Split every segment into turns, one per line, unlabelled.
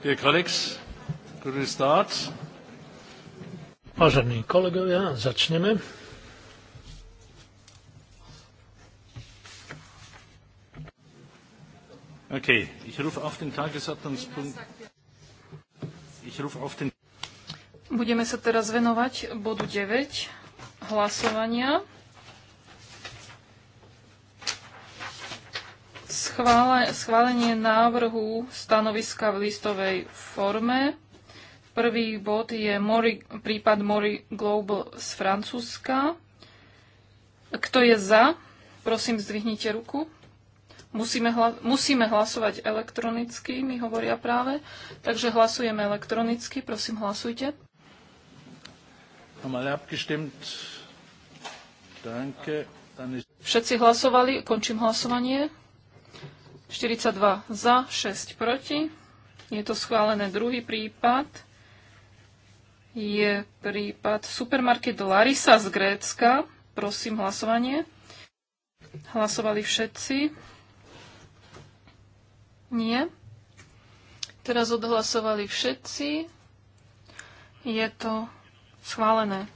Dear colleagues, could we start? Vážení kolegovia, začneme. Okay, ich rufe auf den Tagesordnungspunkt. Ich rufe auf den
Budeme sa teraz venovať bodu 9 hlasovania. schválenie návrhu stanoviska v listovej forme. Prvý bod je Mori, prípad Mori Global z Francúzska. Kto je za? Prosím, zdvihnite ruku. Musíme, hla- musíme hlasovať elektronicky, mi hovoria práve. Takže hlasujeme elektronicky. Prosím, hlasujte. Všetci hlasovali. Končím hlasovanie. 42 za, 6 proti. Je to schválené druhý prípad. Je prípad supermarket Larisa z Grécka. Prosím hlasovanie. Hlasovali všetci. Nie. Teraz odhlasovali všetci. Je to schválené.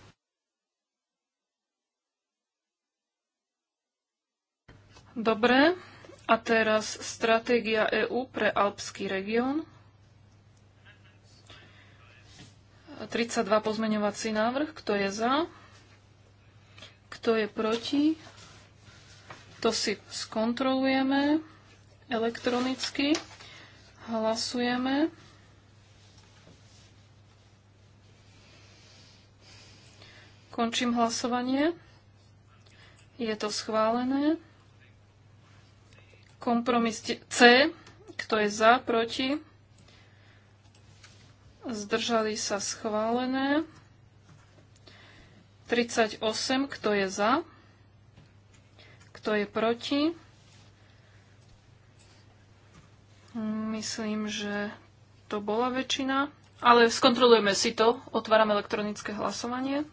Dobre. A teraz stratégia EÚ pre Alpský región. 32 pozmeňovací návrh. Kto je za? Kto je proti? To si skontrolujeme elektronicky. Hlasujeme. Končím hlasovanie. Je to schválené. Kompromis C, kto je za, proti, zdržali sa schválené. 38, kto je za, kto je proti. Myslím, že to bola väčšina, ale skontrolujeme si to. Otváram elektronické hlasovanie.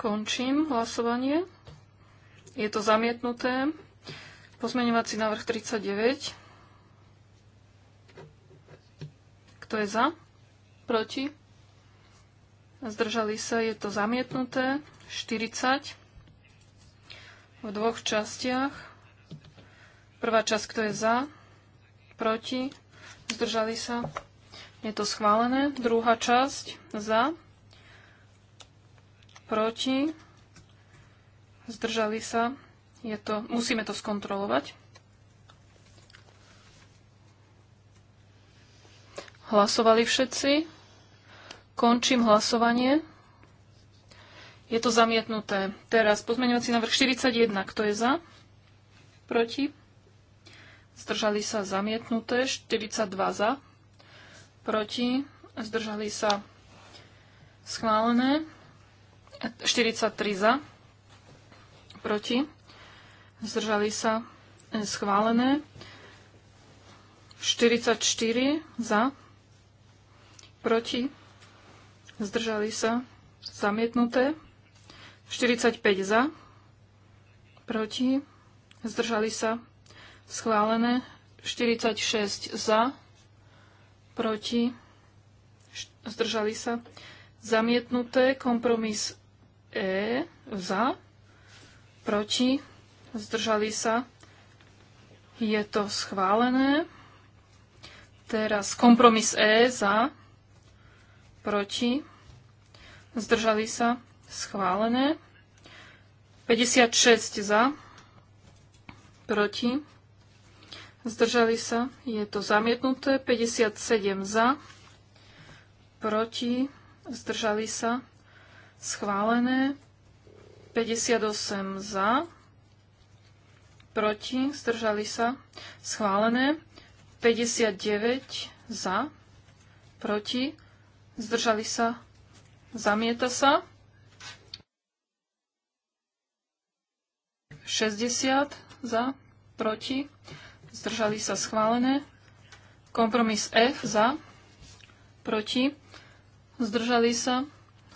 Končím hlasovanie. Je to zamietnuté. Pozmeňovací návrh 39. Kto je za? Proti? Zdržali sa, je to zamietnuté. 40 v dvoch častiach. Prvá časť, kto je za, proti, zdržali sa, je to schválené. Druhá časť, za, proti, zdržali sa. Je to, musíme to skontrolovať. Hlasovali všetci. Končím hlasovanie. Je to zamietnuté. Teraz pozmeňovací návrh 41. Kto je za? Proti? Zdržali sa zamietnuté. 42 za. Proti? Zdržali sa schválené. 43 za, proti, zdržali sa schválené. 44 za, proti, zdržali sa zamietnuté. 45 za, proti, zdržali sa schválené. 46 za, proti, zdržali sa zamietnuté. Kompromis E za, proti, zdržali sa. Je to schválené. Teraz kompromis E za, proti, zdržali sa, schválené. 56 za, proti, zdržali sa, je to zamietnuté. 57 za, proti, zdržali sa, schválené. 58 za, proti, zdržali sa, schválené. 59 za, proti, zdržali sa, zamieta sa. 60 za, proti, zdržali sa schválené. Kompromis F za, proti, zdržali sa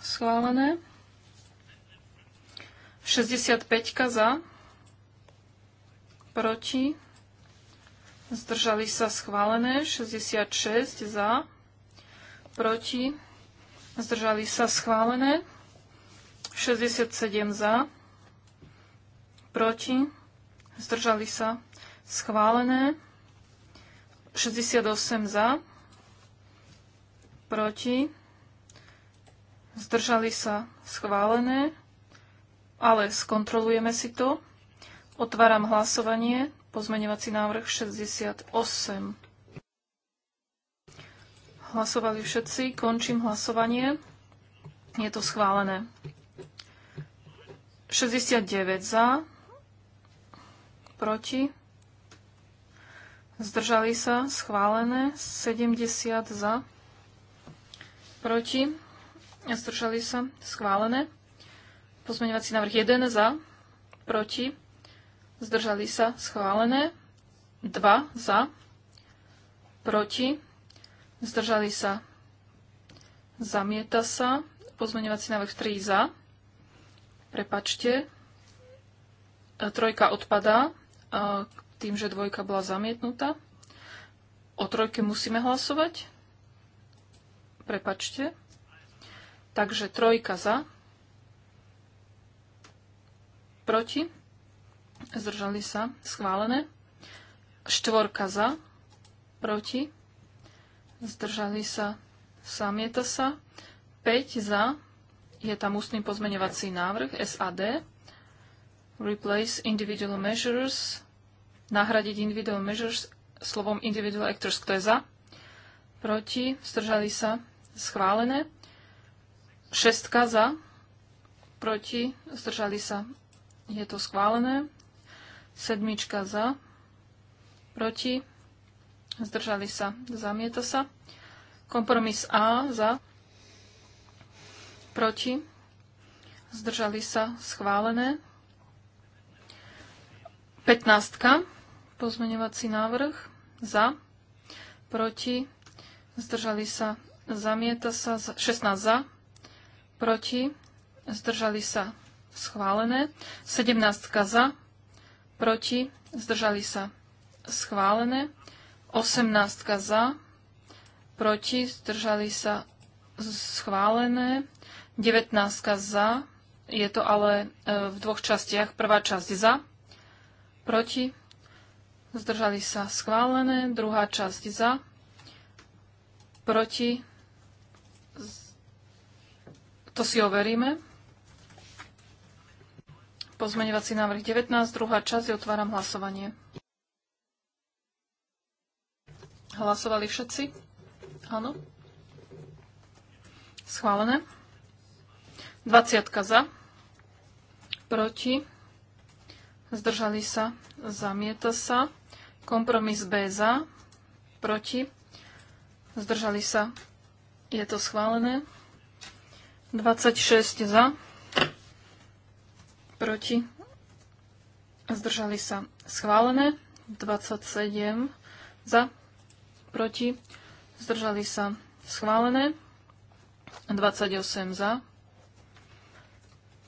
schválené. 65 za, proti, zdržali sa schválené. 66 za, proti, zdržali sa schválené. 67 za, proti, zdržali sa schválené. 68 za, proti, zdržali sa schválené, ale skontrolujeme si to. Otváram hlasovanie, pozmeňovací návrh 68. Hlasovali všetci, končím hlasovanie. Je to schválené. 69 za, proti, zdržali sa, schválené, 70 za, proti, Zdržali sa. Schválené. Pozmeňovací návrh 1 za. Proti. Zdržali sa. Schválené. 2 za. Proti. Zdržali sa. Zamieta sa. Pozmeňovací návrh 3 za. Prepačte. E, trojka odpadá e, tým, že dvojka bola zamietnutá. O trojke musíme hlasovať. Prepačte. Takže trojka za, proti, zdržali sa, schválené. Štvorka za, proti, zdržali sa, samieta sa. 5 za, je tam ústny pozmeňovací návrh SAD, replace individual measures, nahradiť individual measures slovom individual actors, kto je za, proti, zdržali sa, schválené. Šestka za, proti, zdržali sa. Je to schválené. Sedmička za, proti, zdržali sa, zamieta sa. Kompromis A za, proti, zdržali sa, schválené. 15. Pozmeňovací návrh za, proti, zdržali sa, zamieta sa, 16 za, proti, zdržali sa schválené. 17 za, proti, zdržali sa schválené. 18 za, proti, zdržali sa schválené. 19 za, je to ale e, v dvoch častiach. Prvá časť za, proti, zdržali sa schválené. Druhá časť za, proti, to si overíme. Pozmeňovací návrh 19, druhá časť, otváram hlasovanie. Hlasovali všetci? Áno. Schválené. 20 za. Proti. Zdržali sa. Zamieta sa. Kompromis B za. Proti. Zdržali sa. Je to schválené. 26 za, proti, zdržali sa schválené, 27 za, proti, zdržali sa schválené, 28 za,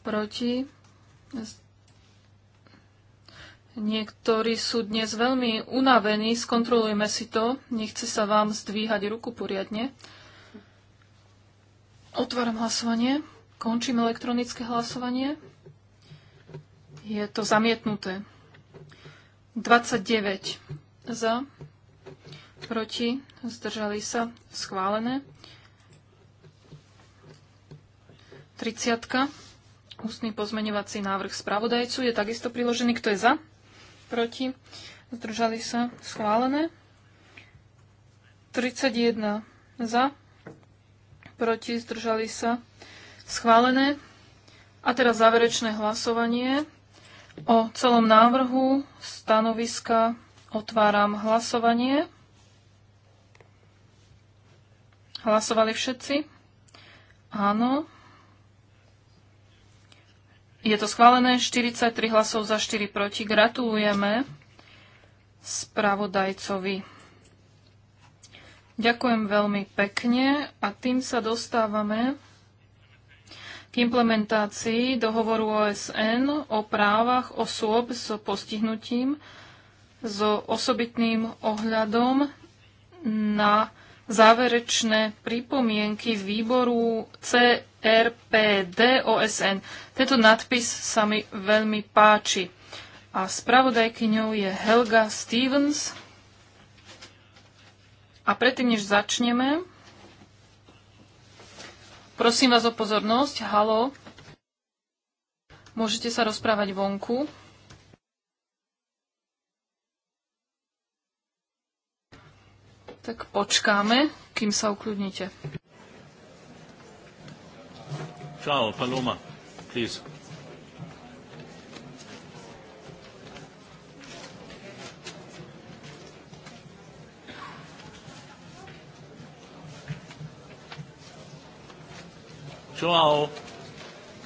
proti, Niektorí sú dnes veľmi unavení, skontrolujme si to. Nechce sa vám zdvíhať ruku poriadne. Otváram hlasovanie. Končím elektronické hlasovanie. Je to zamietnuté. 29 za, proti, zdržali sa, schválené. 30. Ústny pozmeňovací návrh spravodajcu je takisto priložený. Kto je za? Proti? Zdržali sa? Schválené. 31 za proti, zdržali sa, schválené. A teraz záverečné hlasovanie o celom návrhu stanoviska. Otváram hlasovanie. Hlasovali všetci? Áno. Je to schválené 43 hlasov za 4 proti. Gratulujeme spravodajcovi. Ďakujem veľmi pekne a tým sa dostávame k implementácii dohovoru OSN o právach osôb s postihnutím s osobitným ohľadom na záverečné pripomienky výboru CRPD OSN. Tento nadpis sa mi veľmi páči. A spravodajkyňou je Helga Stevens. A predtým, než začneme, prosím vás o pozornosť. Halo, môžete sa rozprávať vonku. Tak počkáme, kým sa ukľudnite.
Čau, Paloma, please. Joao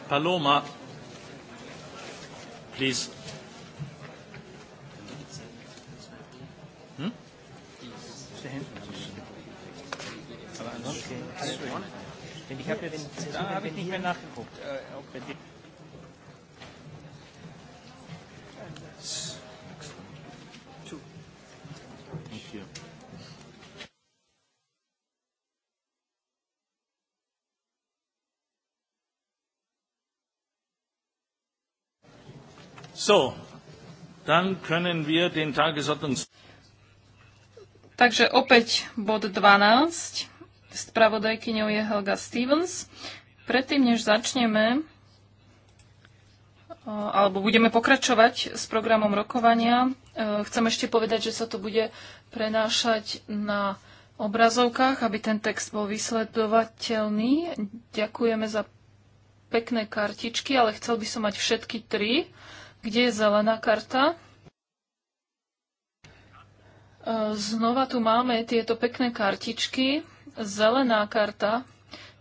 Paloma, please. Hm? Hm? Ich habe den, ich nicht mehr nachgeguckt, äh, ob So, dann können wir den Tagesordnungs...
Takže opäť bod 12. Spravodajkyňou je Helga Stevens. Predtým, než začneme, alebo budeme pokračovať s programom rokovania, chcem ešte povedať, že sa to bude prenášať na obrazovkách, aby ten text bol vysledovateľný. Ďakujeme za pekné kartičky, ale chcel by som mať všetky tri. Kde je zelená karta? E, znova tu máme tieto pekné kartičky. Zelená karta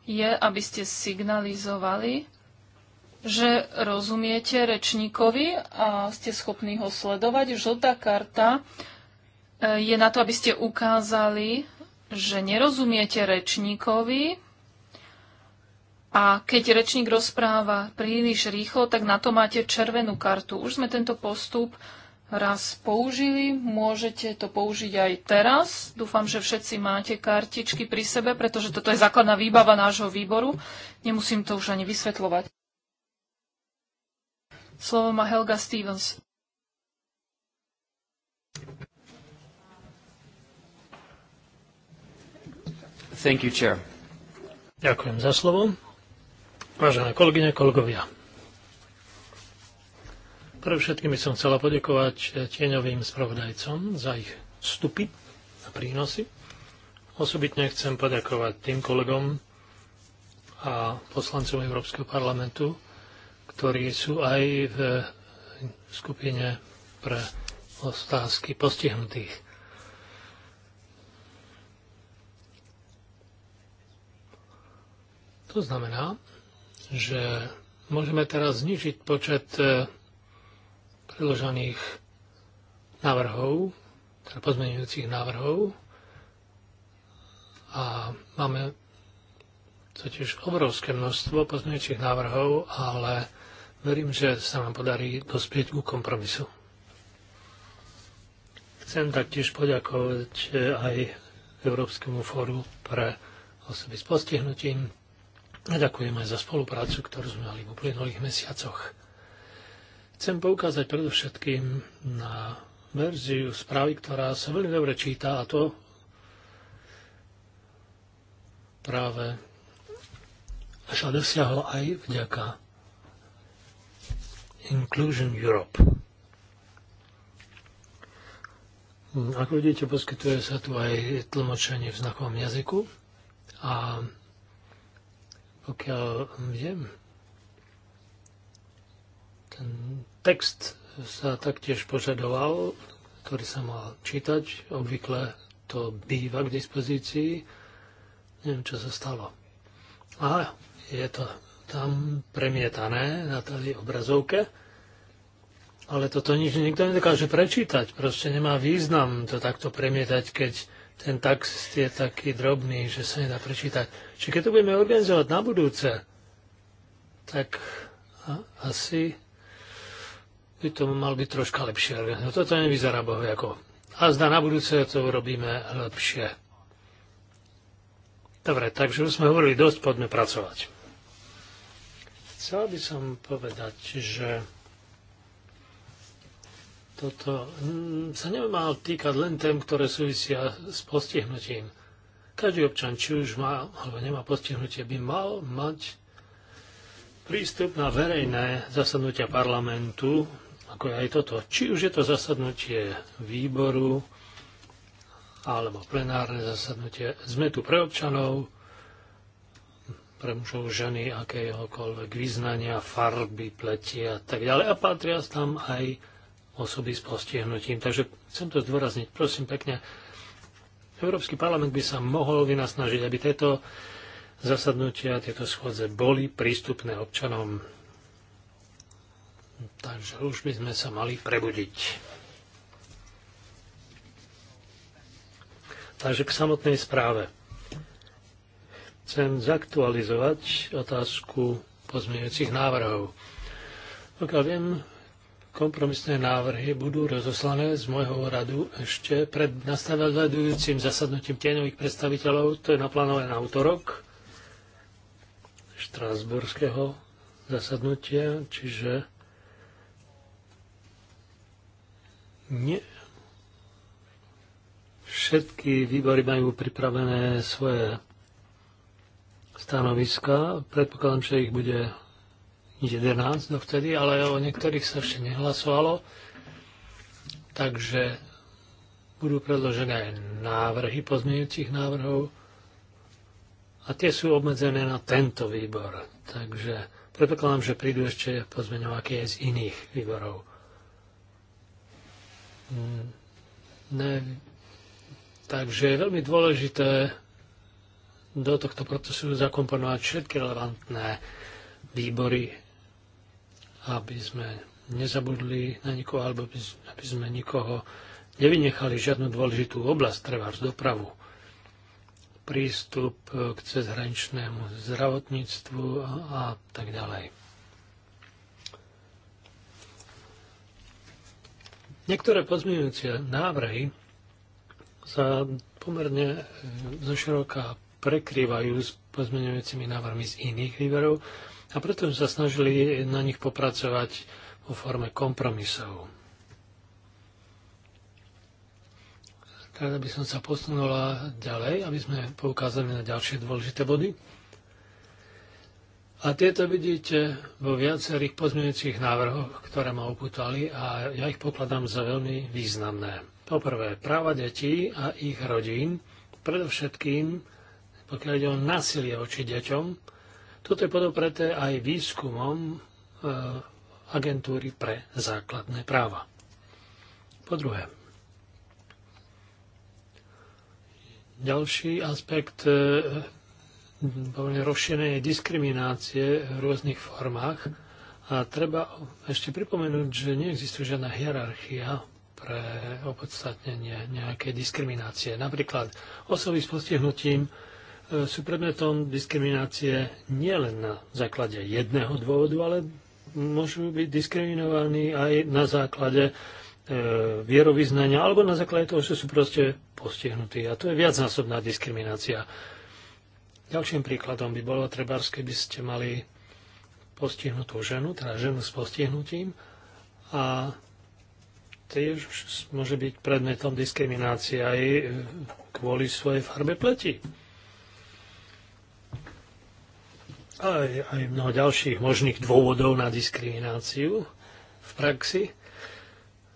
je, aby ste signalizovali, že rozumiete rečníkovi a ste schopní ho sledovať. Žltá karta e, je na to, aby ste ukázali, že nerozumiete rečníkovi a keď rečník rozpráva príliš rýchlo, tak na to máte červenú kartu. Už sme tento postup raz použili, môžete to použiť aj teraz. Dúfam, že všetci máte kartičky pri sebe, pretože toto je základná výbava nášho výboru. Nemusím to už ani vysvetľovať. Slovo má Helga Stevens. Thank you, Chair.
Ďakujem za slovo. Vážené kolegyne, kolegovia. Pre všetkým som chcela podekovať tieňovým spravodajcom za ich vstupy a prínosy. Osobitne chcem podakovať tým kolegom a poslancom Európskeho parlamentu, ktorí sú aj v skupine pre otázky postihnutých. To znamená, že môžeme teraz znižiť počet e, predložených návrhov, teda pozmeňujúcich návrhov. A máme totiž obrovské množstvo pozmeňujúcich návrhov, ale verím, že sa nám podarí dospieť ku kompromisu. Chcem taktiež poďakovať e, aj Európskemu fóru pre osoby s postihnutím a ďakujem aj za spoluprácu, ktorú sme mali v uplynulých mesiacoch. Chcem poukázať predovšetkým na verziu správy, ktorá sa veľmi dobre číta a to práve sa dosiahlo aj vďaka Inclusion Europe. Ako vidíte, poskytuje sa tu aj tlmočenie v znakovom jazyku a pokiaľ viem, ten text sa taktiež požadoval, ktorý sa mal čítať. Obvykle to býva k dispozícii. Neviem, čo sa stalo. A je to tam premietané na tej obrazovke, ale toto nič nikto nedokáže prečítať. Proste nemá význam to takto premietať, keď ten text je taký drobný, že sa nedá prečítať. Čiže keď to budeme organizovať na budúce, tak asi by to mal byť troška lepšie. No toto nevyzerá bohu ako. A zda na budúce to urobíme lepšie. Dobre, takže už sme hovorili dosť, poďme pracovať. Chcel by som povedať, že toto mm, sa nemá týkať len tém, ktoré súvisia s postihnutím. Každý občan, či už má alebo nemá postihnutie, by mal mať prístup na verejné zasadnutia parlamentu, ako je aj toto. Či už je to zasadnutie výboru, alebo plenárne zasadnutie. Sme tu pre občanov, pre mužov, ženy, akéhokoľvek vyznania, farby, pletia a tak ďalej. A patria tam aj osoby s postihnutím. Takže chcem to zdôrazniť. Prosím pekne, Európsky parlament by sa mohol vynasnažiť, aby tieto zasadnutia, tieto schôdze boli prístupné občanom. Takže už by sme sa mali prebudiť. Takže k samotnej správe. Chcem zaktualizovať otázku pozmeňujúcich návrhov. Pokiaľ viem, Kompromisné návrhy budú rozoslané z môjho úradu ešte pred nastavujúcim zasadnutím tieňových predstaviteľov, to je naplánované na útorok štrásburského zasadnutia, čiže nie. Všetky výbory majú pripravené svoje stanoviska. Predpokladám, že ich bude 11 dovtedy, ale o niektorých sa ešte nehlasovalo. Takže budú predložené návrhy pozmeňujúcich návrhov a tie sú obmedzené na tento výbor. Takže predpokladám, že prídu ešte pozmeňovaky aj z iných výborov. Mm, ne. Takže je veľmi dôležité do tohto procesu zakomponovať všetky relevantné výbory aby sme nezabudli na nikoho, alebo aby sme nikoho nevynechali žiadnu dôležitú oblasť, treba dopravu, prístup e, k cezhraničnému zdravotníctvu a, a tak ďalej. Niektoré pozmeňujúce návrhy sa pomerne e, zoširoka prekrývajú s pozmeňujúcimi návrhmi z iných výberov a preto sme sa snažili na nich popracovať vo forme kompromisov. Teraz by som sa posunula ďalej, aby sme poukázali na ďalšie dôležité body. A tieto vidíte vo viacerých pozmeňujúcich návrhoch, ktoré ma uputali a ja ich pokladám za veľmi významné. Poprvé, práva detí a ich rodín, predovšetkým pokiaľ ide o násilie voči deťom, toto je podopreté aj výskumom eh, agentúry pre základné práva. Po druhé, ďalší aspekt eh, je diskriminácie v rôznych formách. A treba ešte pripomenúť, že neexistuje žiadna hierarchia pre opodstatnenie nejakej diskriminácie. Napríklad osoby s postihnutím E, sú predmetom diskriminácie nielen na základe jedného dôvodu, ale môžu byť diskriminovaní aj na základe e, vierovýznania alebo na základe toho, že sú proste postihnutí. A to je viacnásobná diskriminácia. Ďalším príkladom by bolo treba, keby ste mali postihnutú ženu, teda ženu s postihnutím a tiež môže byť predmetom diskriminácie aj kvôli svojej farbe pleti. aj, aj mnoho ďalších možných dôvodov na diskrimináciu v praxi.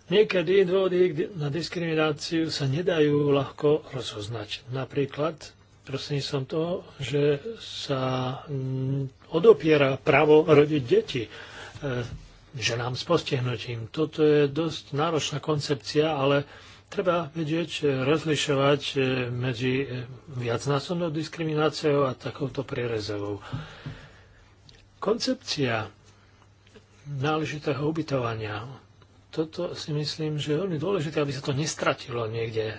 Niekedy dôvody na diskrimináciu sa nedajú ľahko rozoznať. Napríklad som to, že sa mm, odopiera právo rodiť deti e, ženám s postihnutím. Toto je dosť náročná koncepcia, ale Treba vedieť, e, rozlišovať e, medzi e, viacnásobnou diskrimináciou a takouto prierezovou. Koncepcia náležitého ubytovania. Toto si myslím, že je veľmi dôležité, aby sa to nestratilo niekde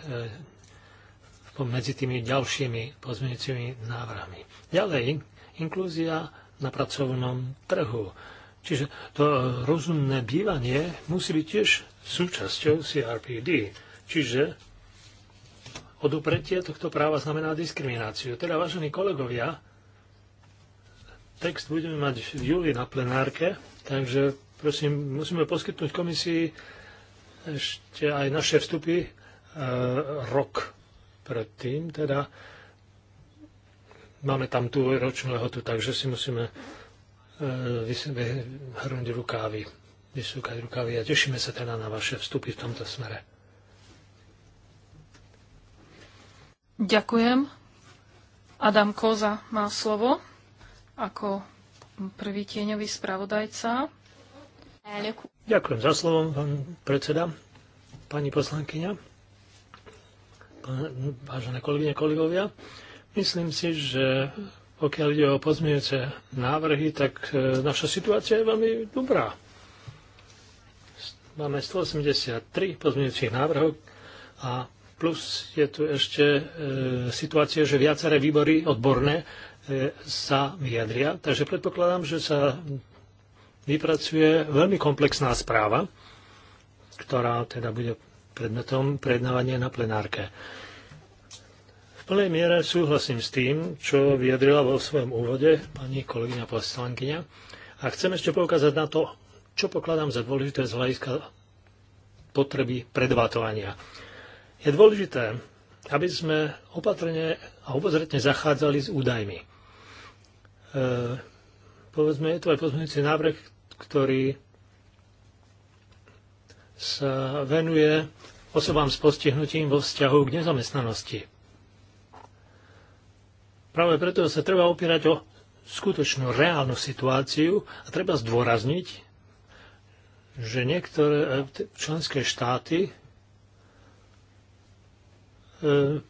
medzi tými ďalšími pozmeňujúcimi návrhmi. Ďalej, inklúzia na pracovnom trhu. Čiže to rozumné bývanie musí byť tiež súčasťou CRPD. Čiže odupretie tohto práva znamená diskrimináciu. Teda, vážení kolegovia, text budeme mať v júli na plenárke, takže prosím, musíme poskytnúť komisii ešte aj naše vstupy e, rok predtým, teda máme tam tú ročnú lehotu, takže si musíme e, hrnúť rukávy, vysúkať rukávy a tešíme sa teda na vaše vstupy v tomto smere.
Ďakujem. Adam Koza má slovo ako prvý tieňový spravodajca.
Ďakujem za slovo, pán predseda, pani poslankyňa, vážené kolegyne, kolegovia. Myslím si, že pokiaľ ide o pozmienujúce návrhy, tak e, naša situácia je veľmi dobrá. Máme 183 pozmienujúcich návrhov a Plus je tu ešte e, situácia, že viaceré výbory odborné e, sa vyjadria. Takže predpokladám, že sa vypracuje veľmi komplexná správa, ktorá teda bude predmetom prednávania na plenárke. V plnej miere súhlasím s tým, čo vyjadrila vo svojom úvode pani kolegyňa poslankyňa. A chcem ešte poukázať na to, čo pokladám za dôležité z hľadiska potreby predvátovania. Je dôležité, aby sme opatrne a obozretne zachádzali s údajmi. E, povedzme, je to aj pozmeňujúci návrh, ktorý sa venuje osobám s postihnutím vo vzťahu k nezamestnanosti. Práve preto sa treba opierať o skutočnú reálnu situáciu a treba zdôrazniť, že niektoré e, členské štáty E,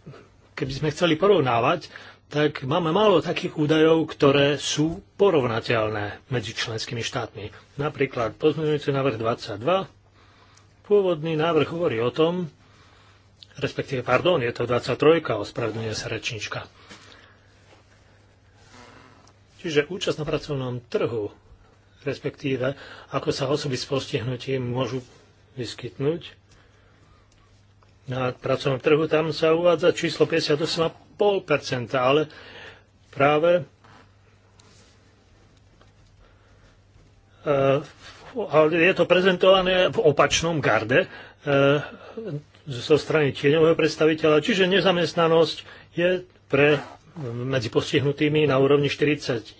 keby sme chceli porovnávať, tak máme málo takých údajov, ktoré sú porovnateľné medzi členskými štátmi. Napríklad pozmeňujúci návrh 22. Pôvodný návrh hovorí o tom, respektíve, pardon, je to 23. ospravedlňuje sa rečnička. Čiže účasť na pracovnom trhu, respektíve ako sa osoby s postihnutím môžu vyskytnúť, na pracovnom trhu, tam sa uvádza číslo 58,5%, ale práve eh, ale je to prezentované v opačnom garde eh, zo strany tieňového predstaviteľa, čiže nezamestnanosť je pre medzi postihnutými na úrovni 41,5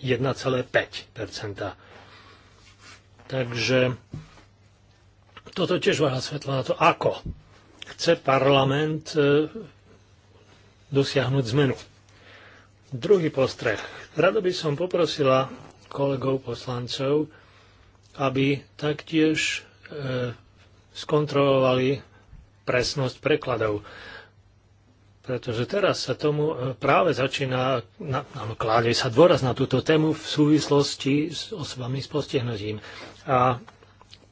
Takže toto tiež vás svetlo na to, ako chce parlament e, dosiahnuť zmenu. Druhý postreh. Rado by som poprosila kolegov poslancov, aby taktiež e, skontrolovali presnosť prekladov. Pretože teraz sa tomu e, práve začína, na, no, kláde sa dôraz na túto tému v súvislosti s osobami s postihnutím. A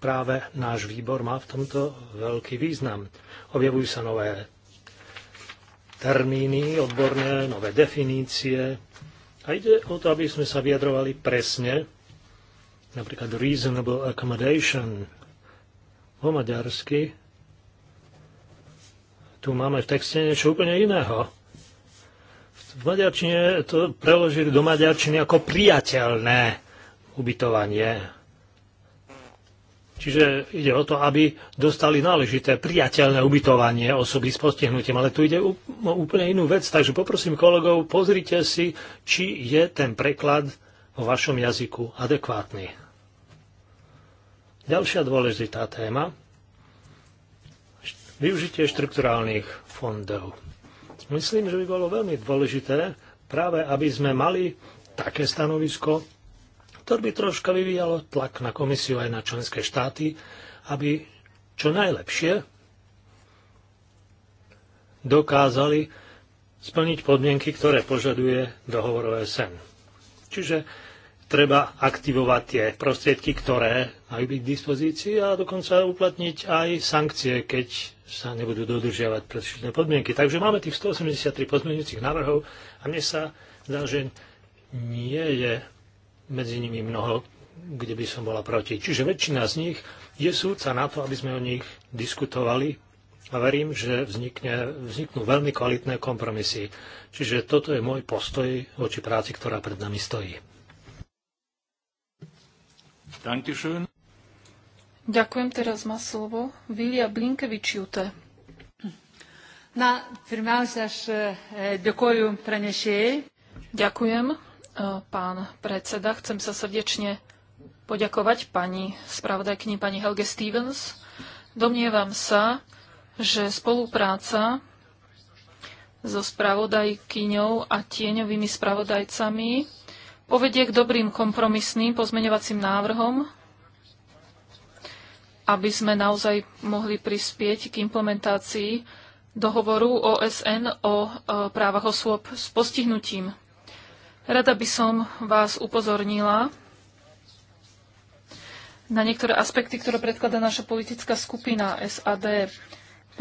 práve náš výbor má v tomto veľký význam. Objavujú sa nové termíny odborné, nové definície a ide o to, aby sme sa vyjadrovali presne, napríklad reasonable accommodation po maďarsky. Tu máme v texte niečo úplne iného. V maďarčine to preložili do maďarčiny ako priateľné ubytovanie Čiže ide o to, aby dostali náležité priateľné ubytovanie osoby s postihnutím. Ale tu ide o úplne inú vec, takže poprosím kolegov, pozrite si, či je ten preklad vo vašom jazyku adekvátny. Ďalšia dôležitá téma. Využitie štrukturálnych fondov. Myslím, že by bolo veľmi dôležité práve, aby sme mali také stanovisko, ktoré by troška vyvíjalo tlak na komisiu aj na členské štáty, aby čo najlepšie dokázali splniť podmienky, ktoré požaduje dohovor OSN. Čiže treba aktivovať tie prostriedky, ktoré majú byť k dispozícii a dokonca uplatniť aj sankcie, keď sa nebudú dodržiavať predšetné podmienky. Takže máme tých 183 pozmeňujúcich návrhov a mne sa zdá, že nie je medzi nimi mnoho, kde by som bola proti. Čiže väčšina z nich je súca na to, aby sme o nich diskutovali a verím, že vznikne, vzniknú veľmi kvalitné kompromisy. Čiže toto je môj postoj voči práci, ktorá pred nami stojí. Dankeschön.
Ďakujem, teraz má slovo Vilja Blinkevičiūtė. Na, pirmiausia, aš dėkoju pranešėjai. Ďakujem pán predseda. Chcem sa srdečne poďakovať pani spravodajkyni pani Helge Stevens. Domnievam sa, že spolupráca so spravodajkyňou a tieňovými spravodajcami povedie k dobrým kompromisným pozmeňovacím návrhom, aby sme naozaj mohli prispieť k implementácii dohovoru OSN o e, právach osôb s postihnutím. Rada by som vás upozornila na niektoré aspekty, ktoré predkladá naša politická skupina SAD.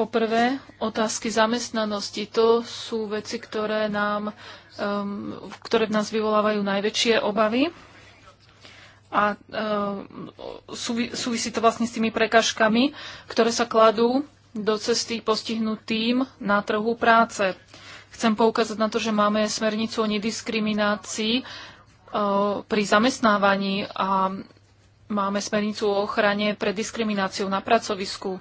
Poprvé, otázky zamestnanosti. To sú veci, ktoré, nám, um, ktoré v nás vyvolávajú najväčšie obavy a um, súvisí to vlastne s tými prekažkami, ktoré sa kladú do cesty postihnutým na trhu práce. Chcem poukázať na to, že máme smernicu o nediskriminácii eh, pri zamestnávaní a máme smernicu o ochrane pred diskrimináciou na pracovisku.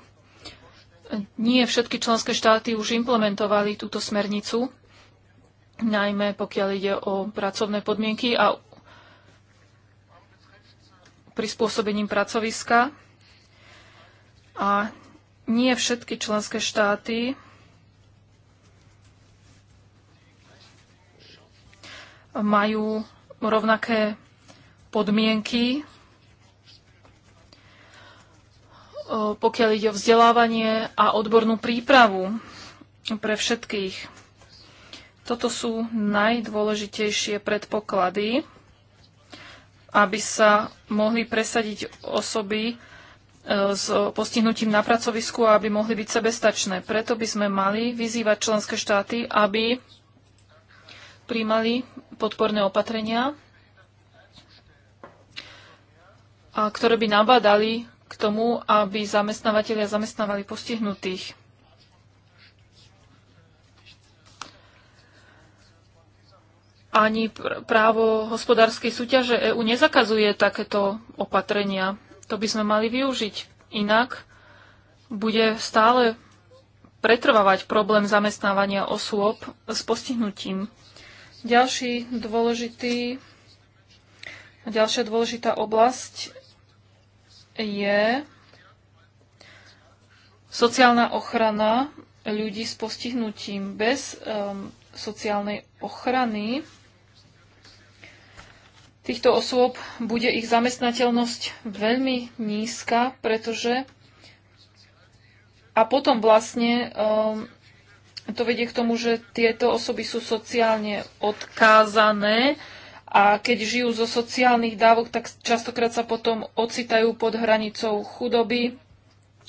Nie všetky členské štáty už implementovali túto smernicu, najmä pokiaľ ide o pracovné podmienky a prispôsobením pracoviska. A nie všetky členské štáty majú rovnaké podmienky, e, pokiaľ ide o vzdelávanie a odbornú prípravu pre všetkých. Toto sú najdôležitejšie predpoklady, aby sa mohli presadiť osoby e, s postihnutím na pracovisku a aby mohli byť sebestačné. Preto by sme mali vyzývať členské štáty, aby príjmali podporné opatrenia, a ktoré by nabádali k tomu, aby zamestnávateľia zamestnávali postihnutých. Ani právo hospodárskej súťaže EÚ nezakazuje takéto opatrenia. To by sme mali využiť. Inak bude stále pretrvávať problém zamestnávania osôb s postihnutím. Ďalší dôležitý, ďalšia dôležitá oblasť je sociálna ochrana ľudí s postihnutím. Bez um, sociálnej ochrany týchto osôb bude ich zamestnateľnosť veľmi nízka, pretože a potom vlastne um, to vedie k tomu, že tieto osoby sú sociálne odkázané a keď žijú zo sociálnych dávok, tak častokrát sa potom ocitajú pod hranicou chudoby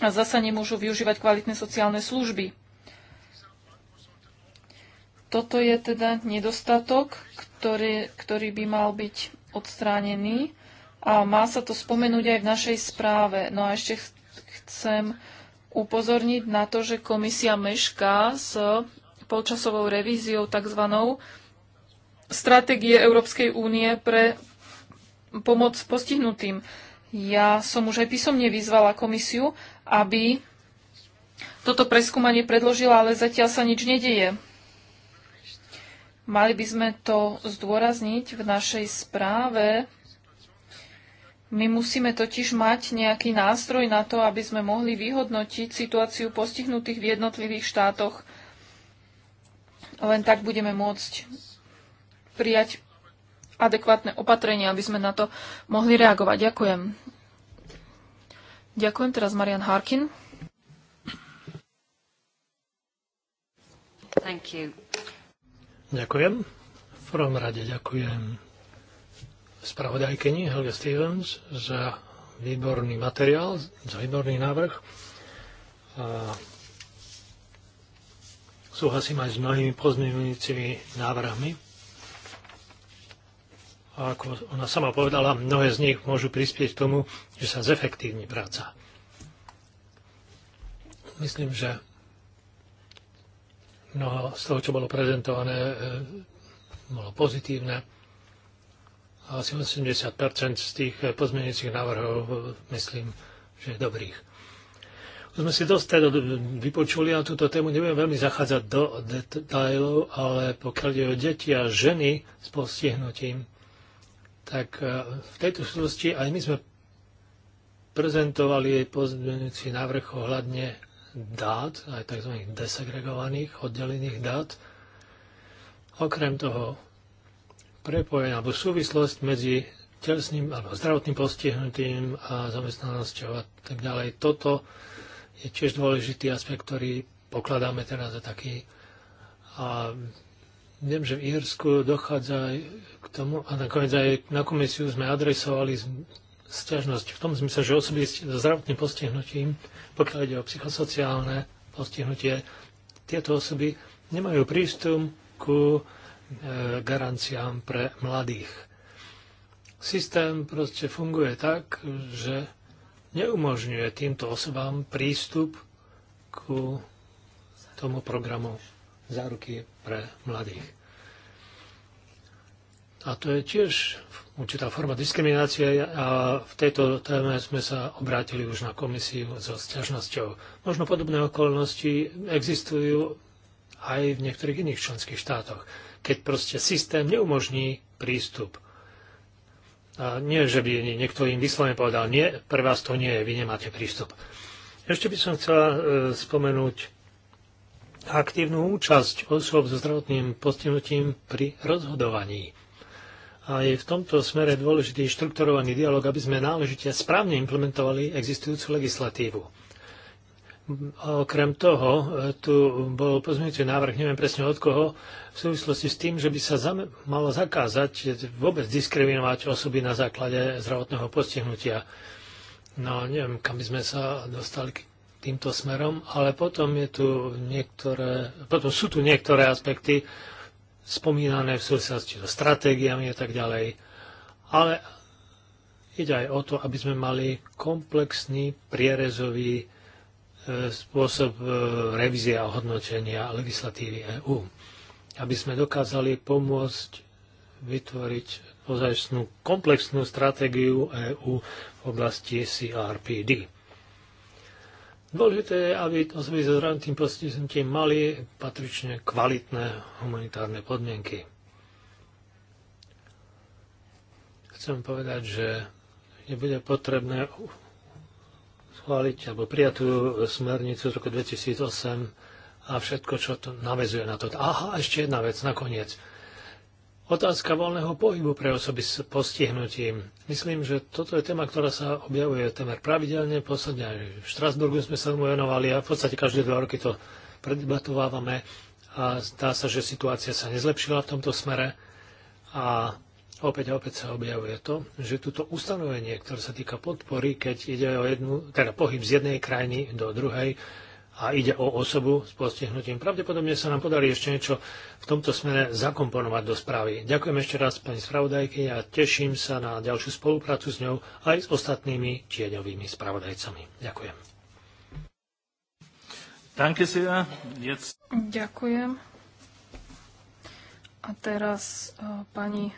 a zasa nemôžu využívať kvalitné sociálne služby. Toto je teda nedostatok, ktorý, ktorý by mal byť odstránený a má sa to spomenúť aj v našej správe. No a ešte chcem upozorniť na to, že komisia mešká s polčasovou revíziou tzv. stratégie Európskej únie pre pomoc postihnutým. Ja som už aj písomne vyzvala komisiu, aby toto preskúmanie predložila, ale zatiaľ sa nič nedieje. Mali by sme to zdôrazniť v našej správe, my musíme totiž mať nejaký nástroj na to, aby sme mohli vyhodnotiť situáciu postihnutých v jednotlivých štátoch. Len tak budeme môcť prijať adekvátne opatrenia, aby sme na to mohli reagovať. Ďakujem. Ďakujem teraz Marian Harkin.
Ďakujem. V prvom rade ďakujem spravodajkyni Helge Stevens za výborný materiál, za výborný návrh. A súhlasím aj s mnohými pozmeňujúcimi návrhmi. A ako ona sama povedala, mnohé z nich môžu prispieť k tomu, že sa zefektívni práca. Myslím, že mnoho z toho, čo bolo prezentované, e, bolo pozitívne asi 80 z tých eh, pozmeňujúcich návrhov, eh, myslím, že dobrých. Už sme si dosť teda vypočuli a túto tému nebudem veľmi zachádzať do detailov, ale pokiaľ je o deti a ženy s postihnutím, tak eh, v tejto súvislosti aj my sme prezentovali pozmeňujúci návrh ohľadne dát, aj tzv. desegregovaných, oddelených dát. Okrem toho prepojenie alebo súvislosť medzi telesným alebo zdravotným postihnutím a zamestnanosťou a tak ďalej. Toto je tiež dôležitý aspekt, ktorý pokladáme teraz za taký. A viem, že v Írsku dochádza aj k tomu a nakoniec aj na komisiu sme adresovali sťažnosť v tom zmysle, že osoby s zdravotným postihnutím, pokiaľ ide o psychosociálne postihnutie, tieto osoby nemajú prístup ku E, garanciám pre mladých. Systém proste funguje tak, že neumožňuje týmto osobám prístup ku tomu programu záruky pre mladých. A to je tiež určitá forma diskriminácie a v tejto téme sme sa obrátili už na komisiu so sťažnosťou. Možno podobné okolnosti existujú aj v niektorých iných členských štátoch keď proste systém neumožní prístup. A nie, že by niekto im vyslovene povedal, nie, pre vás to nie je, vy nemáte prístup. Ešte by som chcela e, spomenúť aktívnu účasť osôb so zdravotným postihnutím pri rozhodovaní. A je v tomto smere dôležitý štrukturovaný dialog, aby sme náležite správne implementovali existujúcu legislatívu. Okrem toho, e, tu bol pozmeňujúci návrh, neviem presne od koho, v súvislosti s tým, že by sa malo zakázať vôbec diskriminovať osoby na základe zdravotného postihnutia. No neviem, kam by sme sa dostali k týmto smerom, ale potom, je tu niektoré, potom sú tu niektoré aspekty spomínané v súvislosti so stratégiami a tak ďalej. Ale ide aj o to, aby sme mali komplexný prierezový spôsob e, revízie a hodnotenia legislatívy EÚ, aby sme dokázali pomôcť vytvoriť pozajstnú komplexnú stratégiu EÚ v oblasti CRPD. Dôležité je, aby osoby so zdravotným postihnutím mali patrične kvalitné humanitárne podmienky. Chcem povedať, že nebude potrebné schváliť alebo tú smernicu z roku 2008 a všetko, čo to navezuje na to. Aha, ešte jedna vec nakoniec. Otázka voľného pohybu pre osoby s postihnutím. Myslím, že toto je téma, ktorá sa objavuje temer pravidelne. Posledne aj v Štrasburgu sme sa tomu venovali a v podstate každé dva roky to predebatovávame a zdá sa, že situácia sa nezlepšila v tomto smere a opäť a opäť sa objavuje to, že toto ustanovenie, ktoré sa týka podpory, keď ide o jednu, teda pohyb z jednej krajiny do druhej a ide o osobu s postihnutím, pravdepodobne sa nám podarí ešte niečo v tomto smere zakomponovať do správy. Ďakujem ešte raz pani spravodajky a teším sa na ďalšiu spoluprácu s ňou aj s ostatnými tieňovými spravodajcami. Ďakujem.
Ďakujem. A teraz eh, pani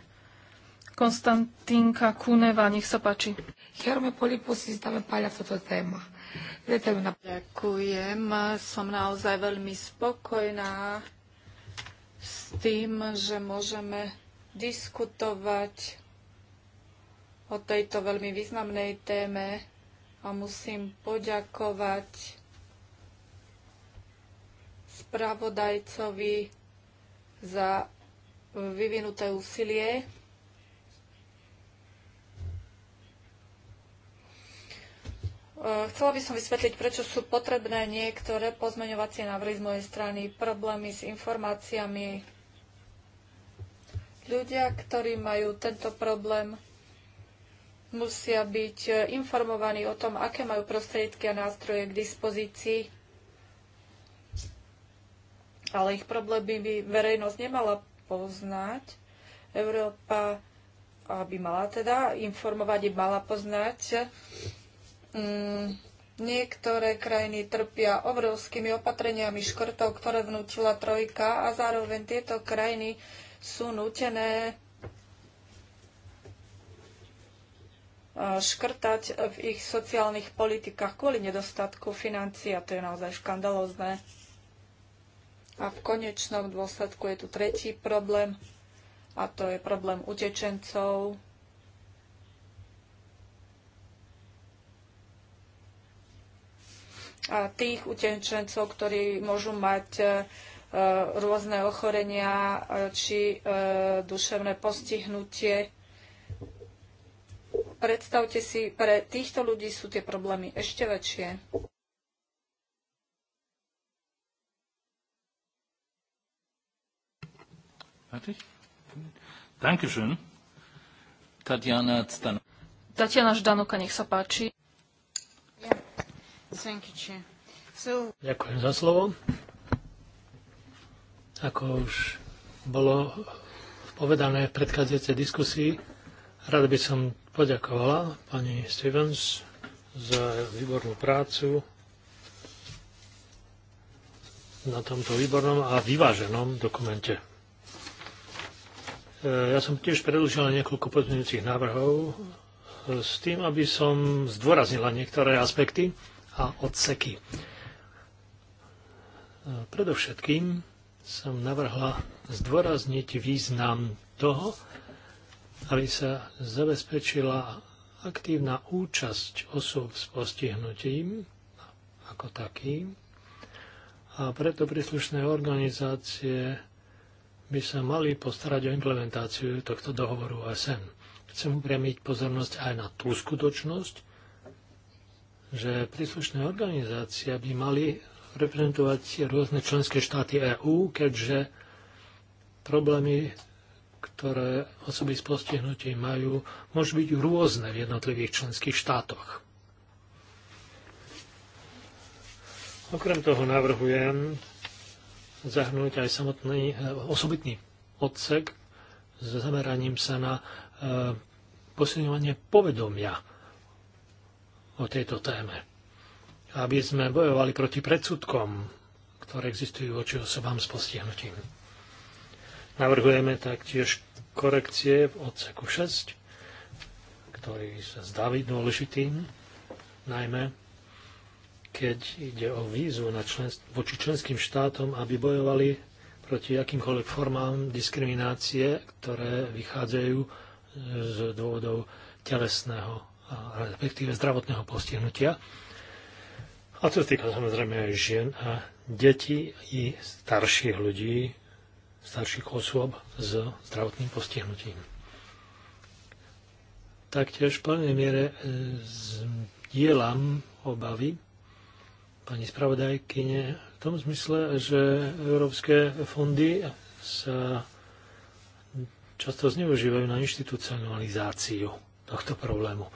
Konstantinka Kuneva, nech sa páči.
Ďakujem, som naozaj veľmi spokojná s tým, že môžeme diskutovať o tejto veľmi významnej téme a musím poďakovať spravodajcovi za vyvinuté úsilie Eh, chcela by som vysvetliť, prečo sú potrebné niektoré pozmeňovacie návrhy z mojej strany, problémy s informáciami. Ľudia, ktorí majú tento problém, musia byť eh, informovaní o tom, aké majú prostriedky a nástroje k dispozícii. Ale ich problémy by verejnosť nemala poznať. Európa by mala teda informovať, by mala poznať Mm, niektoré krajiny trpia obrovskými opatreniami škrtov, ktoré vnútila trojka a zároveň tieto krajiny sú nutené eh, škrtať v ich sociálnych politikách kvôli nedostatku financií a to je naozaj škandalozné. A v konečnom dôsledku je tu tretí problém a to je problém utečencov, tých utečencov, ktorí môžu mať e, rôzne ochorenia e, či e, duševné postihnutie. Predstavte si, pre týchto ľudí sú tie problémy ešte väčšie.
Dankeschön. Tatiana
Ždanoka, nech sa páči. Ja.
Ďakujem za slovo. Ako už bolo povedané v predchádzajúcej diskusii, rada by som poďakovala pani Stevens za výbornú prácu na tomto výbornom a vyváženom dokumente. E, ja som tiež predlžila niekoľko pozmeňujúcich návrhov s tým, aby som zdôraznila niektoré aspekty, a odseky. E, predovšetkým som navrhla zdôrazniť význam toho, aby sa zabezpečila aktívna účasť osôb s postihnutím ako takým a preto príslušné organizácie by sa mali postarať o implementáciu tohto dohovoru OSN. Chcem upriamiť pozornosť aj na tú skutočnosť, že príslušné organizácie by mali reprezentovať rôzne členské štáty EÚ, keďže problémy, ktoré osoby s postihnutím majú, môžu byť rôzne v jednotlivých členských štátoch. Okrem toho navrhujem zahrnúť aj samotný e, osobitný odsek s zameraním sa na e, posilňovanie povedomia o tejto téme. Aby sme bojovali proti predsudkom, ktoré existujú voči osobám s postihnutím. Navrhujeme taktiež korekcie v odseku 6, ktorý sa zdá byť dôležitým, najmä keď ide o vízu na člen, voči členským štátom, aby bojovali proti akýmkoľvek formám diskriminácie, ktoré vychádzajú z dôvodov telesného respektíve zdravotného postihnutia. A to týka samozrejme aj žien a detí i starších ľudí, starších osôb s zdravotným postihnutím. Taktiež v plnej miere e, dielam obavy pani spravodajkyne v tom zmysle, že európske fondy sa často zneužívajú na inštitucionalizáciu tohto problému.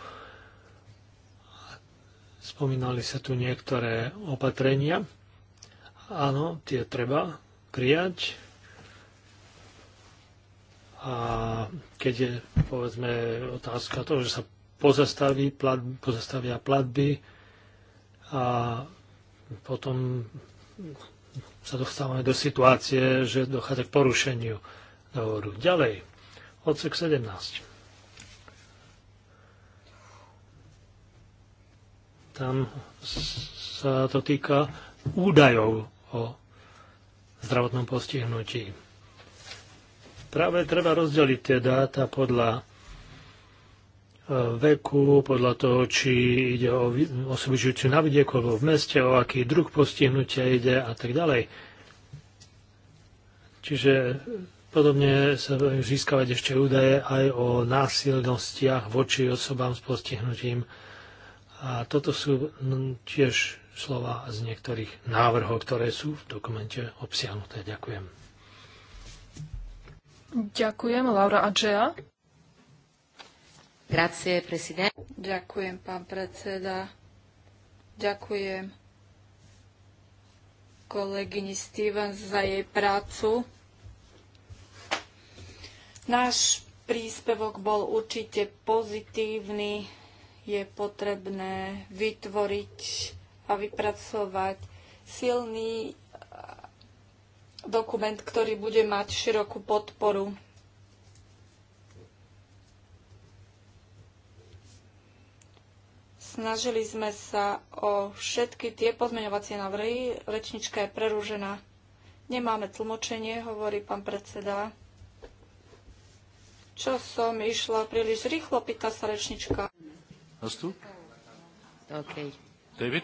Spomínali sa tu niektoré opatrenia. Áno, tie treba prijať. A keď je, povedzme, otázka toho, že sa pozastaví plat, pozastavia platby a potom sa dostávame do situácie, že dochádza k porušeniu dohovoru. Ďalej, odsek 17. Tam sa to týka údajov o zdravotnom postihnutí. Práve treba rozdeliť tie dáta podľa e, veku, podľa toho, či ide o osobu žijúcu na vidieku alebo v meste, o aký druh postihnutia ide a tak ďalej. Čiže podobne sa získavať ešte údaje aj o násilnostiach voči osobám s postihnutím a toto sú tiež slova z niektorých návrhov, ktoré sú v dokumente obsiahnuté. Ďakujem.
Ďakujem, Laura Adžea.
Grazie, president. Ďakujem, pán predseda. Ďakujem kolegyni Stevens za jej prácu. Náš príspevok bol určite pozitívny je potrebné vytvoriť a vypracovať silný eh, dokument, ktorý bude mať širokú podporu. Snažili sme sa o všetky tie pozmeňovacie návrhy. Rečnička je preružená. Nemáme tlmočenie, hovorí pán predseda. Čo som išla príliš rýchlo, pýta sa rečnička.
Hast du? Okay. David?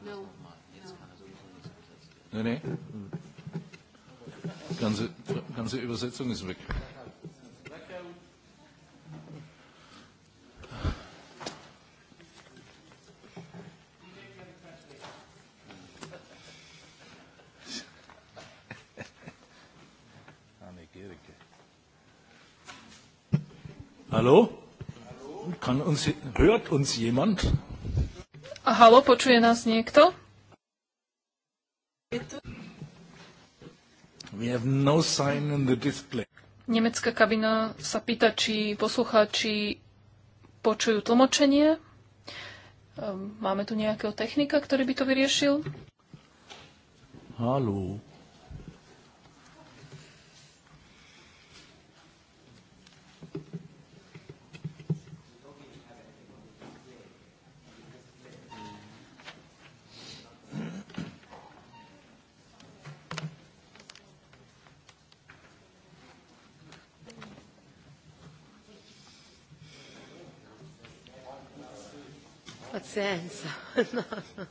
No. Nee, nee. Ganze, ganze Übersetzung ist weg. Hallo? Kann uns, hört uns jemand?
Halo, počuje nás niekto?
We have no sign the display.
Nemecká kabina sa pýta, či poslucháči počujú tlmočenie. Ehm, máme tu nejakého technika, ktorý by to vyriešil?
Haló. senso. No, no.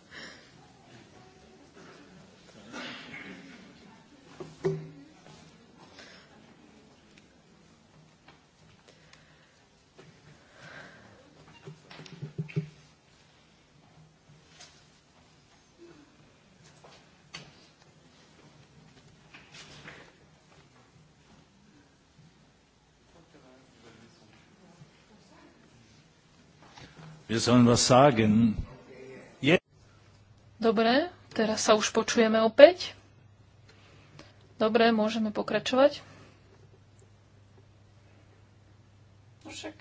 Wir sollen was sagen.
Dobre, teraz sa už počujeme opäť. Dobre, môžeme pokračovať.
No však.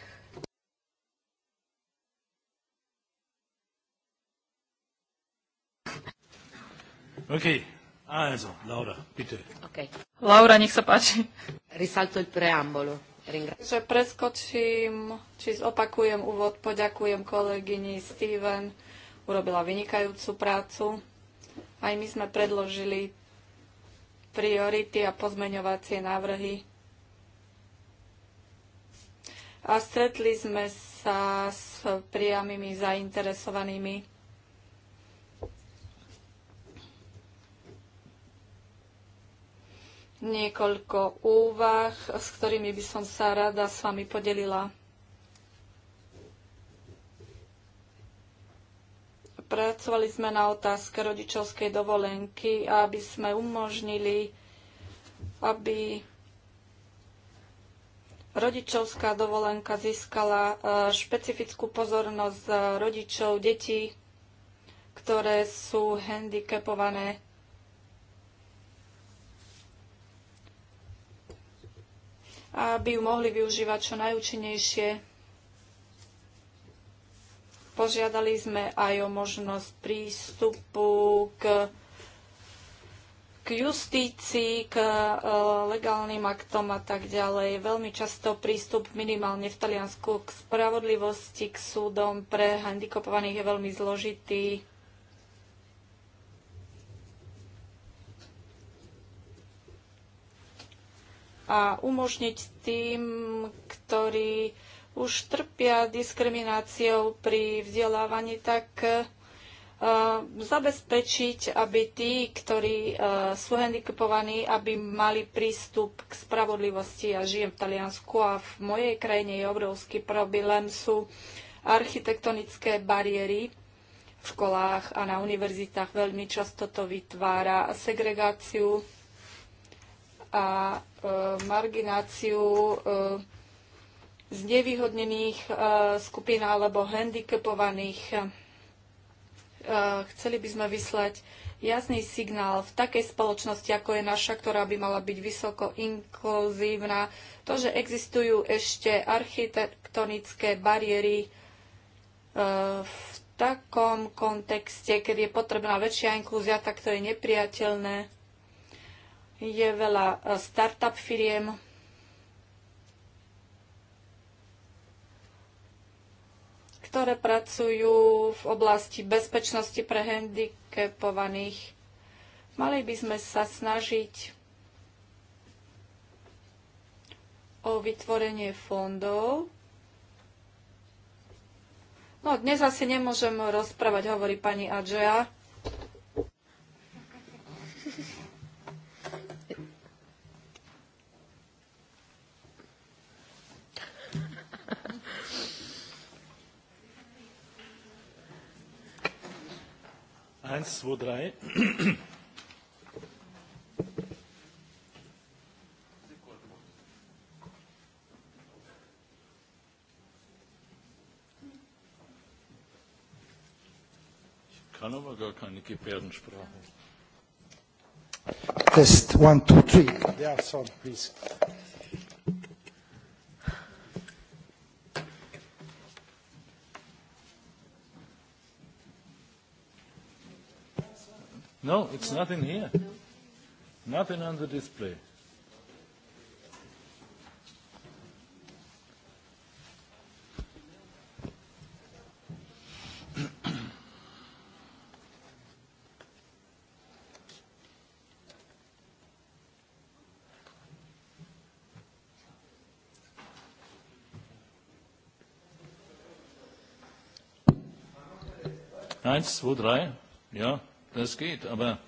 OK, also, Laura, bitte. Okay. Laura, nech sa páči.
Risalto il preambolo. Takže preskočím, či zopakujem úvod, poďakujem kolegyni Steven, urobila vynikajúcu prácu. Aj my sme predložili priority a pozmeňovacie návrhy. A stretli sme sa s priamými zainteresovanými niekoľko úvah, s ktorými by som sa rada s vami podelila. Pracovali sme na otázke rodičovskej dovolenky, aby sme umožnili, aby rodičovská dovolenka získala e, špecifickú pozornosť rodičov detí, ktoré sú handicapované aby ju mohli využívať čo najúčinnejšie. Požiadali sme aj o možnosť prístupu k, k justícii, k e, legálnym aktom a tak ďalej. Veľmi často prístup minimálne v Taliansku k spravodlivosti, k súdom pre handikopovaných je veľmi zložitý a umožniť tým, ktorí už trpia diskrimináciou pri vzdelávaní, tak eh, zabezpečiť, aby tí, ktorí eh, sú handikupovaní, aby mali prístup k spravodlivosti. Ja žijem v Taliansku a v mojej krajine je obrovský problém sú architektonické bariéry v školách a na univerzitách. Veľmi často to vytvára segregáciu a e, margináciu e, znevýhodnených e, skupín alebo handicapovaných. Chceli by sme vyslať jasný signál v takej spoločnosti, ako je naša, ktorá by mala byť vysoko inkluzívna. To, že existujú ešte architektonické bariéry v takom kontexte, keď je potrebná väčšia inklúzia, tak to je nepriateľné je veľa eh, startup firiem, ktoré pracujú v oblasti bezpečnosti pre handicapovaných. Mali by sme sa snažiť o vytvorenie fondov. No, dnes asi nemôžem rozprávať, hovorí pani Adžea.
1, 2, 3. Ich kann aber gar keine Gebärdensprache. Test, 1, 2, 3. Ja, sorry, please. No, it's no. nothing here. No. Nothing on the display. Eins, zwei, drei, ja. Das geht, aber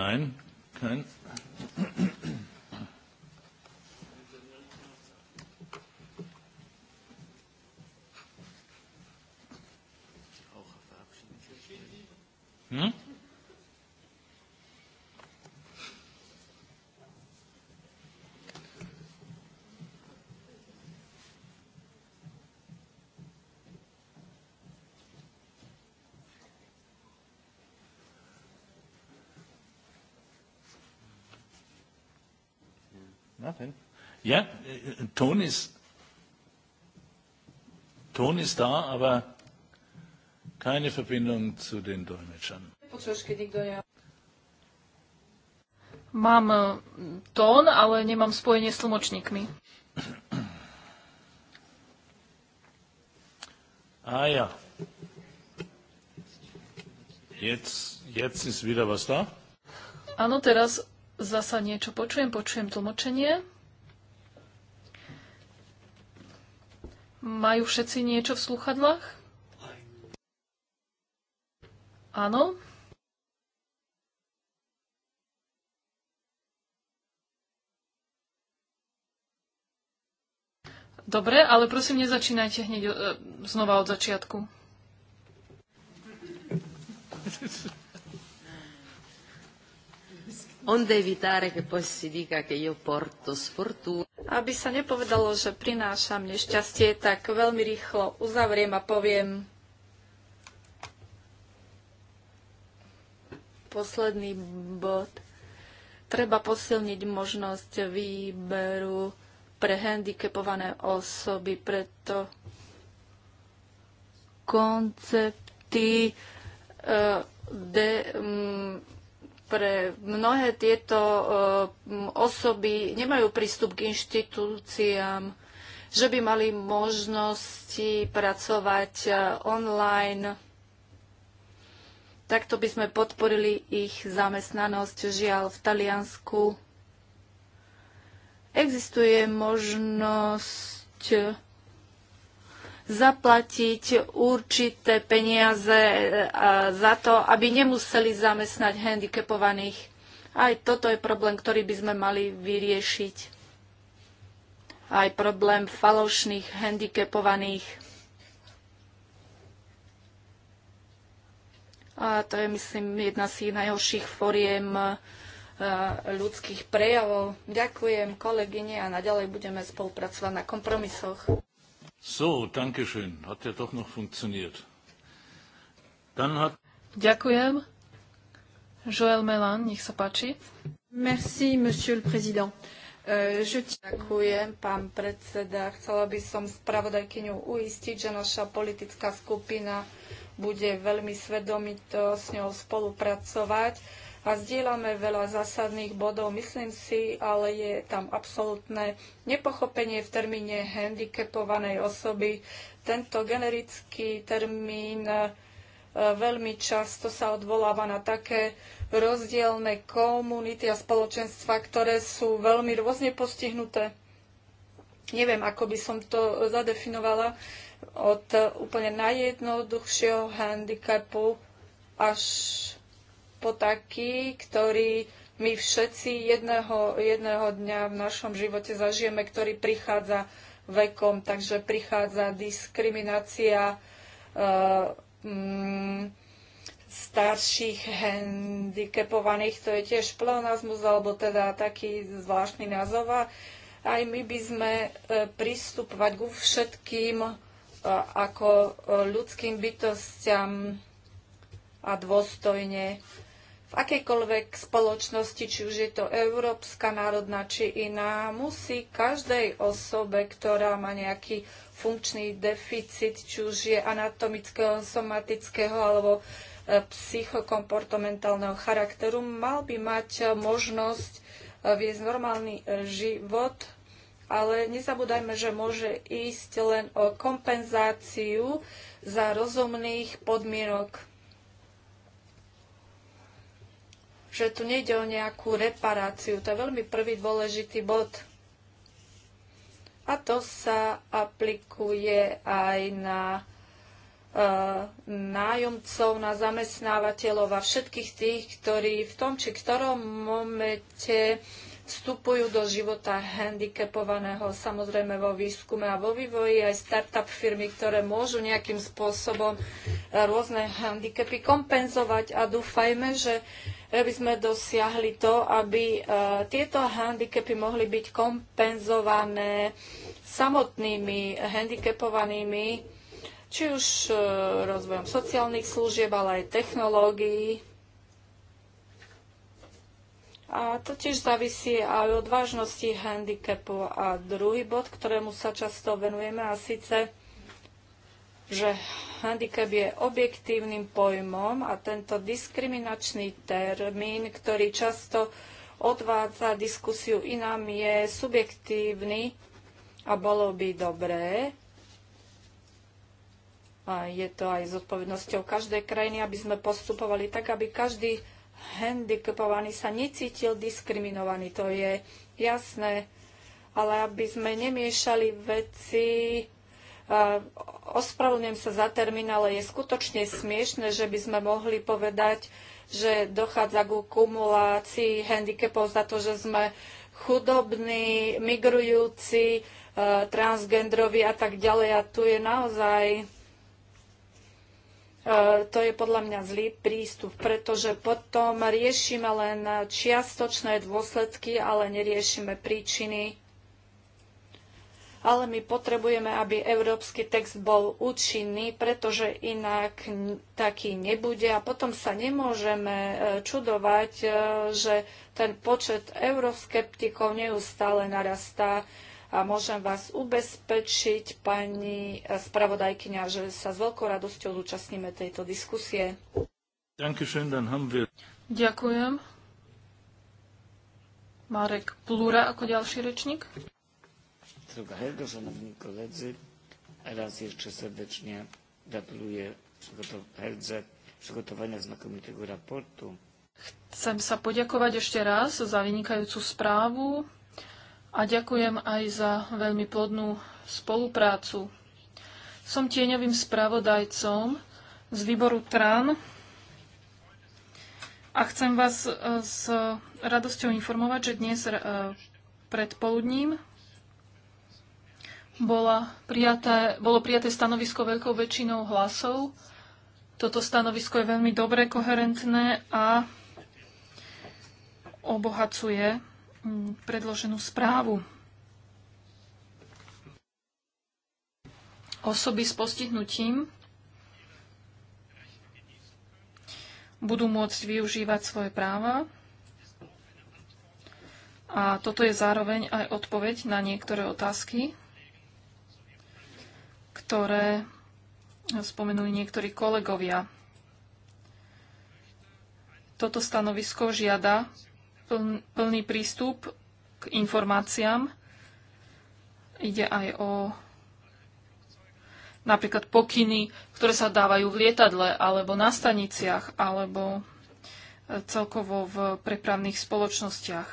Nein? Kein? Ja, Ton ist, Ton ist da, aber keine Verbindung zu den Dolmetschern.
Mám e, tón, ale nemám spojenie s tlmočníkmi.
Ah ja. Jetzt, jetzt ist wieder was da.
Áno, teraz zasa niečo počujem. Počujem tlmočenie. Majú všetci niečo v sluchadlách? Áno. Dobre, ale prosím, nezačínajte hneď e, znova od začiatku.
onde evitare che poi si dica che io porto sfortuna. Aby sa nepovedalo, že prinášam nešťastie, tak veľmi rýchlo uzavriem a poviem posledný bod. Treba posilniť možnosť výberu pre handicapované osoby, preto koncepty eh, de, um, pre mnohé tieto e, osoby nemajú prístup k inštitúciám, že by mali možnosti pracovať e, online. Takto by sme podporili ich zamestnanosť. Žiaľ, v Taliansku existuje možnosť zaplatiť určité peniaze e, za to, aby nemuseli zamestnať handicapovaných. Aj toto je problém, ktorý by sme mali vyriešiť. Aj problém falošných handicapovaných. A to je, myslím, jedna z tých najhorších foriem e, ľudských prejavov. Ďakujem kolegyne a naďalej budeme spolupracovať na kompromisoch.
So, danke schön. Hat ja doch noch funktioniert. Dann hat...
Ďakujem.
Joël Melan, nech sa páči. Merci, monsieur le président. Euh, ďakujem, pán predseda. Chcela by som spravodajkyňu uistiť, že naša politická skupina bude veľmi svedomito s ňou spolupracovať a zdieľame veľa zásadných bodov. Myslím si, ale je tam absolútne nepochopenie v termíne handicapovanej osoby. Tento generický termín e, veľmi často sa odvoláva na také rozdielne komunity a spoločenstva, ktoré sú veľmi rôzne postihnuté. Neviem, ako by som to zadefinovala od úplne najjednoduchšieho handicapu až po taký, ktorý my všetci jedného, jedného dňa v našom živote zažijeme, ktorý prichádza vekom, takže prichádza diskriminácia e, m, mm, starších handicapovaných, to je tiež pleonazmus, alebo teda taký zvláštny názov. A aj my by sme e, pristupovať ku všetkým e, ako e, ľudským bytostiam a dôstojne v akejkoľvek spoločnosti, či už je to európska, národná či iná, musí každej osobe, ktorá má nejaký funkčný deficit, či už je anatomického, somatického alebo e, psychokomportamentálneho charakteru, mal by mať e, možnosť e, viesť normálny život, ale nezabúdajme, že môže ísť len o kompenzáciu za rozumných podmienok že tu nejde o nejakú reparáciu. To je veľmi prvý dôležitý bod. A to sa aplikuje aj na e, nájomcov, na zamestnávateľov a všetkých tých, ktorí v tom či ktorom momente vstupujú do života handicapovaného, samozrejme vo výskume a vo vývoji, aj startup firmy, ktoré môžu nejakým spôsobom rôzne handicapy kompenzovať a dúfajme, že aby sme dosiahli to, aby e, tieto handicapy mohli byť kompenzované samotnými handicapovanými, či už e, rozvojom sociálnych služieb, ale aj technológií. A to tiež závisí aj od vážnosti handicapu. A druhý bod, ktorému sa často venujeme, a síce že handicap je objektívnym pojmom a tento diskriminačný termín, ktorý často odvádza diskusiu inám, je subjektívny a bolo by dobré, a je to aj zodpovednosťou každej krajiny, aby sme postupovali tak, aby každý handicapovaný sa necítil diskriminovaný. To je jasné ale aby sme nemiešali veci, Ospravedlňujem sa za termín, ale je skutočne smiešne, že by sme mohli povedať, že dochádza ku kumulácii handicapov za to, že sme chudobní, migrujúci, e, transgendroví a tak ďalej. A tu je naozaj e, to je podľa mňa zlý prístup, pretože potom riešime len čiastočné dôsledky, ale neriešime príčiny ale my potrebujeme, aby európsky text bol účinný, pretože inak taký nebude a potom sa nemôžeme e, čudovať, e, že ten počet euroskeptikov neustále narastá a môžem vás ubezpečiť, pani e, spravodajkyňa, že sa s veľkou radosťou zúčastníme tejto diskusie. Ďakujem. Marek
Plúra ako ďalší rečník
drogowego, szanowni koledzy. Raz jeszcze serdecznie gratuluję Herdze przygotowania znakomitego
raportu.
Chcem sa poďakovať ešte raz za vynikajúcu správu a ďakujem aj za veľmi plodnú spoluprácu. Som tieňovým spravodajcom z výboru TRAN a chcem vás s radosťou informovať, že dnes e, predpoludním bola prijaté, bolo prijaté stanovisko veľkou väčšinou hlasov. Toto stanovisko je veľmi dobre koherentné a obohacuje mm, predloženú správu. Osoby s postihnutím budú môcť využívať svoje práva a toto je zároveň aj odpoveď na niektoré otázky, ktoré spomenuli niektorí kolegovia. Toto stanovisko žiada plný prístup k informáciám. Ide aj o napríklad pokyny, ktoré sa dávajú v lietadle alebo na staniciach alebo e, celkovo v prepravných spoločnostiach.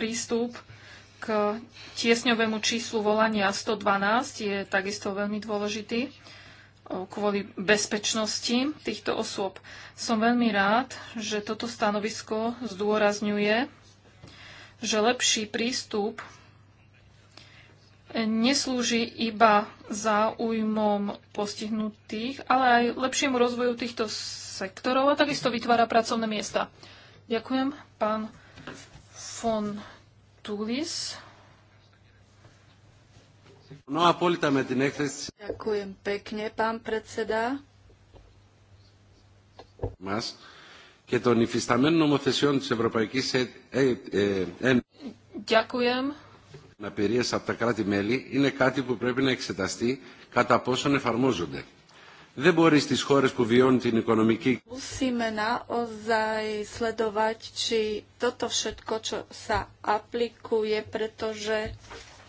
prístup k tiesňovému číslu volania 112 je takisto veľmi dôležitý kvôli bezpečnosti týchto osôb. Som veľmi rád, že toto stanovisko zdôrazňuje, že lepší prístup neslúži iba záujmom postihnutých, ale aj lepšiemu rozvoju týchto sektorov a takisto vytvára pracovné miesta. Ďakujem, pán von Tulis.
No a με την έκθεση.
Ďakujem pekne, pán predseda.
Μας και των υφισταμένων νομοθεσιών της Ευρωπαϊκής
Ένωσης. Ďakujem. Αναπηρίες από τα κράτη-μέλη είναι κάτι που πρέπει να εξεταστεί κατά πόσον εφαρμόζονται δεν μπορεί στις χώρες
που βιώνουν την οικονομική...
Musíme naozaj sledovať, či toto všetko, čo sa aplikuje, pretože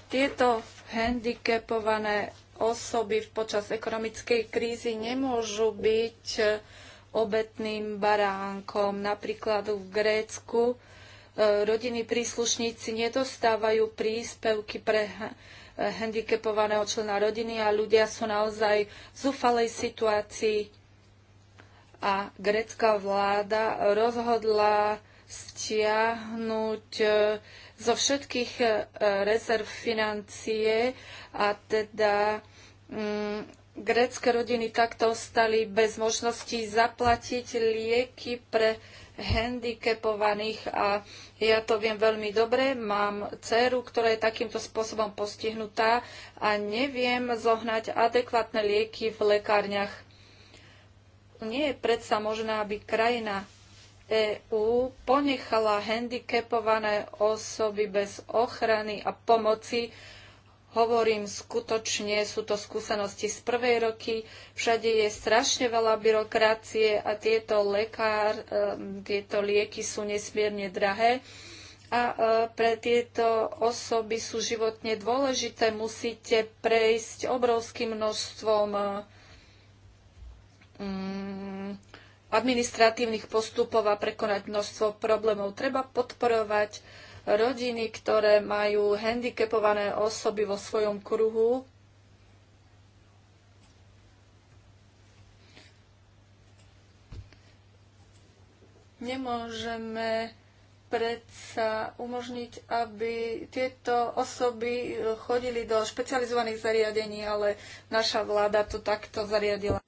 tieto handicapované osoby počas ekonomickej krízy nemôžu byť e, obetným baránkom. Napríklad v Grécku e, rodiny príslušníci nedostávajú príspevky pre Eh, handicapovaného člena rodiny a ľudia sú naozaj v zúfalej situácii. A grecká vláda rozhodla stiahnuť eh, zo všetkých eh, rezerv financie a teda mm, grécké rodiny takto ostali bez možnosti zaplatiť lieky pre handicapovaných a ja to viem veľmi dobre. Mám dceru, ktorá je takýmto spôsobom postihnutá a neviem zohnať adekvátne lieky v lekárniach. Nie je predsa možná, aby krajina EÚ ponechala handicapované osoby bez ochrany a pomoci, Hovorím skutočne, sú to skúsenosti z prvej roky, všade je strašne veľa byrokracie a tieto, lekár, e, tieto lieky sú nesmierne drahé a e, pre tieto osoby sú životne dôležité. Musíte prejsť obrovským množstvom e, mm, administratívnych postupov a prekonať množstvo problémov. Treba podporovať rodiny, ktoré majú handicapované osoby vo svojom kruhu. Nemôžeme predsa umožniť, aby tieto osoby chodili do špecializovaných zariadení, ale naša vláda to takto zariadila.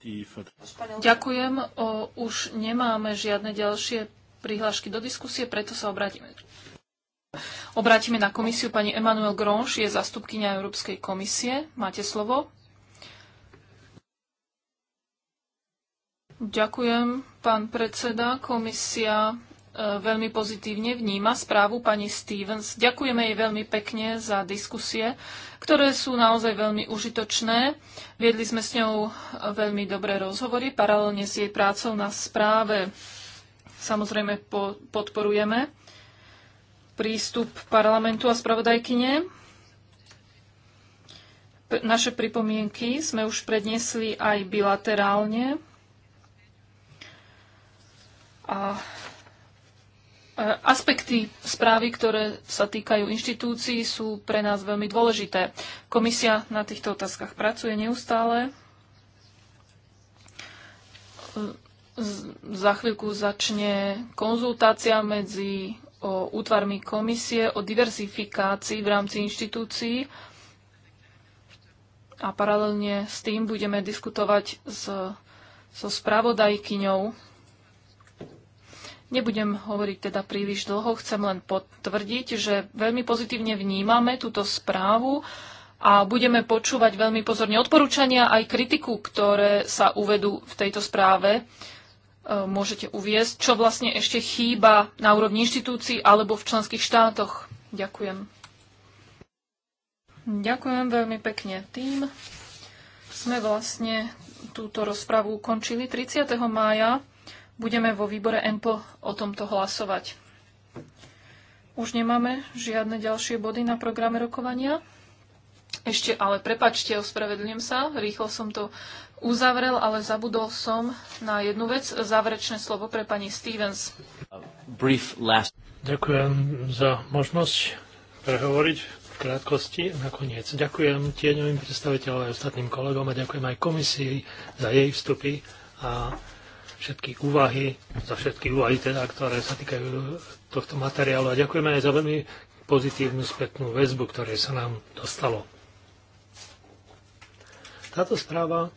Ďakujem. O, už nemáme žiadne ďalšie prihlášky do diskusie, preto sa obrátime obrátime na komisiu. Pani Emanuel Gronš je zastupkynia Európskej komisie. Máte slovo. Ďakujem, pán predseda. Komisia e, veľmi pozitívne vníma správu pani Stevens. Ďakujeme jej veľmi pekne za diskusie, ktoré sú naozaj veľmi užitočné. Viedli sme s ňou e, veľmi dobré rozhovory paralelne s jej prácou na správe. Samozrejme podporujeme prístup parlamentu a spravodajkyne. Naše pripomienky sme už prednesli aj bilaterálne. A e, Aspekty správy, ktoré sa týkajú inštitúcií, sú pre nás veľmi dôležité. Komisia na týchto otázkach pracuje neustále. E, za chvíľku začne konzultácia medzi o útvarmi komisie, o diverzifikácii v rámci inštitúcií a paralelne s tým budeme diskutovať s, so spravodajkyňou. Nebudem hovoriť teda príliš dlho, chcem len potvrdiť, že veľmi pozitívne vnímame túto správu a budeme počúvať veľmi pozorne odporúčania aj kritiku, ktoré sa uvedú v tejto správe. E, môžete uviesť, čo vlastne ešte chýba na úrovni inštitúcií alebo v členských štátoch. Ďakujem. Ďakujem veľmi pekne. Tým sme vlastne túto rozpravu ukončili. 30. mája budeme vo výbore EMPL o tomto hlasovať. Už nemáme žiadne ďalšie body na programe rokovania. Ešte, ale prepačte, ospravedlňujem sa, rýchlo som to uzavrel, ale zabudol som na jednu vec. Záverečné slovo pre pani Stevens.
Brief last... Ďakujem za možnosť prehovoriť v krátkosti nakoniec. Ďakujem tieňovým predstaviteľom aj ostatným kolegom a ďakujem aj komisii za jej vstupy a všetky úvahy, za všetky úvahy teda, ktoré sa týkajú tohto materiálu a ďakujeme aj za veľmi pozitívnu spätnú väzbu, ktoré sa nám dostalo. Táto správa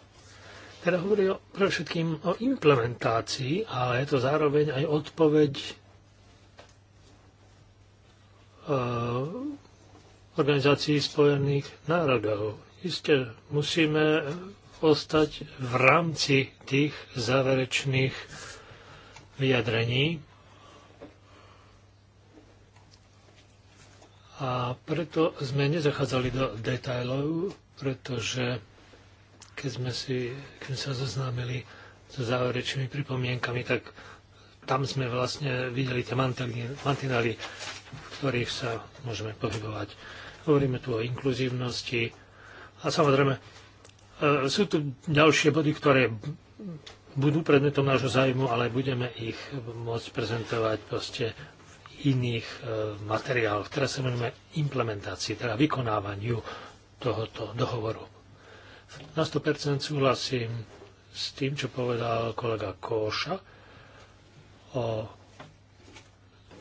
teda hovorí o, pre všetkým o implementácii, ale je to zároveň aj odpoveď e, Organizácií spojených národov. Isté musíme ostať v rámci tých záverečných vyjadrení. A preto sme nezachádzali do detajlov, pretože keď sme, si, keď sme sa zoznámili so záverečnými pripomienkami, tak tam sme vlastne videli tie mantinály, v ktorých sa môžeme pohybovať. Hovoríme tu o inkluzívnosti a samozrejme e, sú tu ďalšie body, ktoré budú predmetom nášho zájmu, ale budeme ich môcť prezentovať proste v iných e, materiáloch. ktoré sa venujeme implementácii, teda vykonávaniu tohoto dohovoru. Na 100% súhlasím s tým, čo povedal kolega Kóša o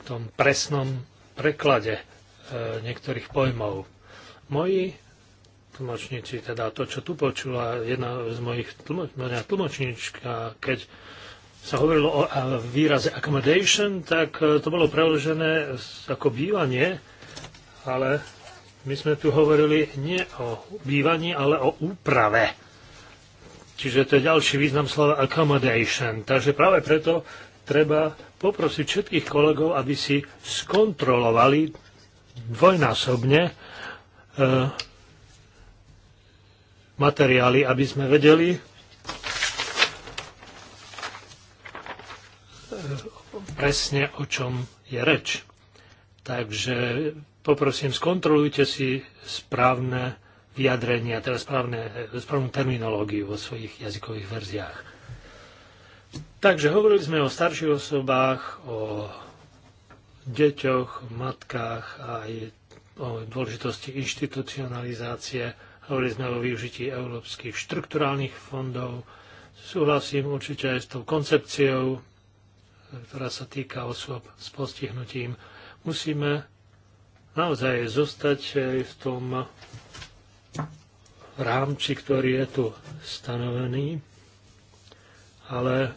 tom presnom preklade e, niektorých pojmov. Moji tlmočníci, teda to, čo tu počula jedna z mojich tlmočníčka, keď sa hovorilo o e, výraze accommodation, tak e, to bolo preložené ako bývanie, ale my sme tu hovorili nie o bývaní, ale o úprave. Čiže to je ďalší význam slova accommodation. Takže práve preto treba poprosiť všetkých kolegov, aby si skontrolovali dvojnásobne e, materiály, aby sme vedeli, e, presne o čom je reč. Takže poprosím, skontrolujte si správne vyjadrenia, teda správne, správnu terminológiu vo svojich jazykových verziách. Takže hovorili sme o starších osobách, o deťoch, matkách a aj o dôležitosti inštitucionalizácie. Hovorili sme o využití európskych štrukturálnych fondov. Súhlasím určite aj s tou koncepciou, ktorá sa týka osôb s postihnutím. Musíme naozaj zostať v tom rámci, ktorý je tu stanovený, ale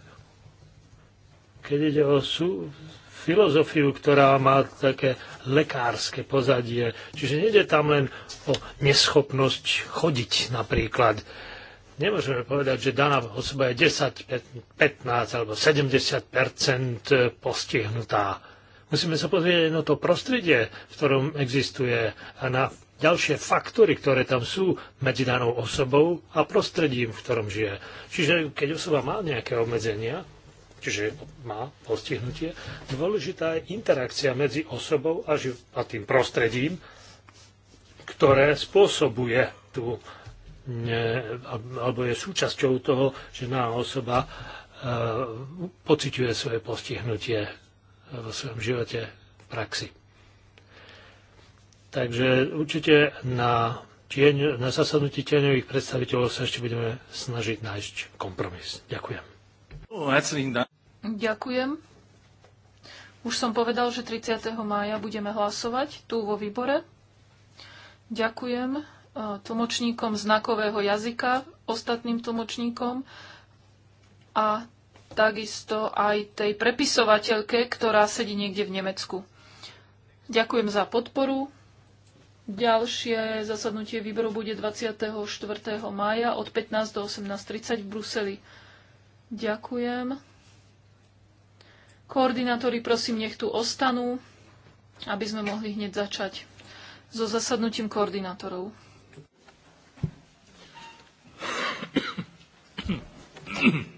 keď ide o sú, filozofiu, ktorá má také lekárske pozadie, čiže nejde tam len o neschopnosť chodiť napríklad. Nemôžeme povedať, že daná osoba je 10, 15 alebo 70 postihnutá. Musíme sa pozrieť na to prostredie, v ktorom existuje a na ďalšie faktory, ktoré tam sú medzi danou osobou a prostredím, v ktorom žije. Čiže keď osoba má nejaké obmedzenia, čiže má postihnutie, dôležitá je interakcia medzi osobou a, a tým prostredím, ktoré spôsobuje tú, ne, alebo je súčasťou toho, že daná osoba e, pociťuje svoje postihnutie vo svojom živote v praxi. Takže určite na, tieň, na zasadnutí tieňových predstaviteľov sa ešte budeme snažiť nájsť kompromis. Ďakujem.
Ďakujem. Už som povedal, že 30. mája budeme hlasovať tu vo výbore. Ďakujem e, tlmočníkom znakového jazyka, ostatným tlmočníkom a takisto aj tej prepisovateľke, ktorá sedí niekde v Nemecku. Ďakujem za podporu. Ďalšie zasadnutie výboru bude 24. maja od 15 do 18.30 v Bruseli. Ďakujem. Koordinátori prosím nech tu ostanú, aby sme mohli hneď začať so zasadnutím koordinátorov. Mm-hmm.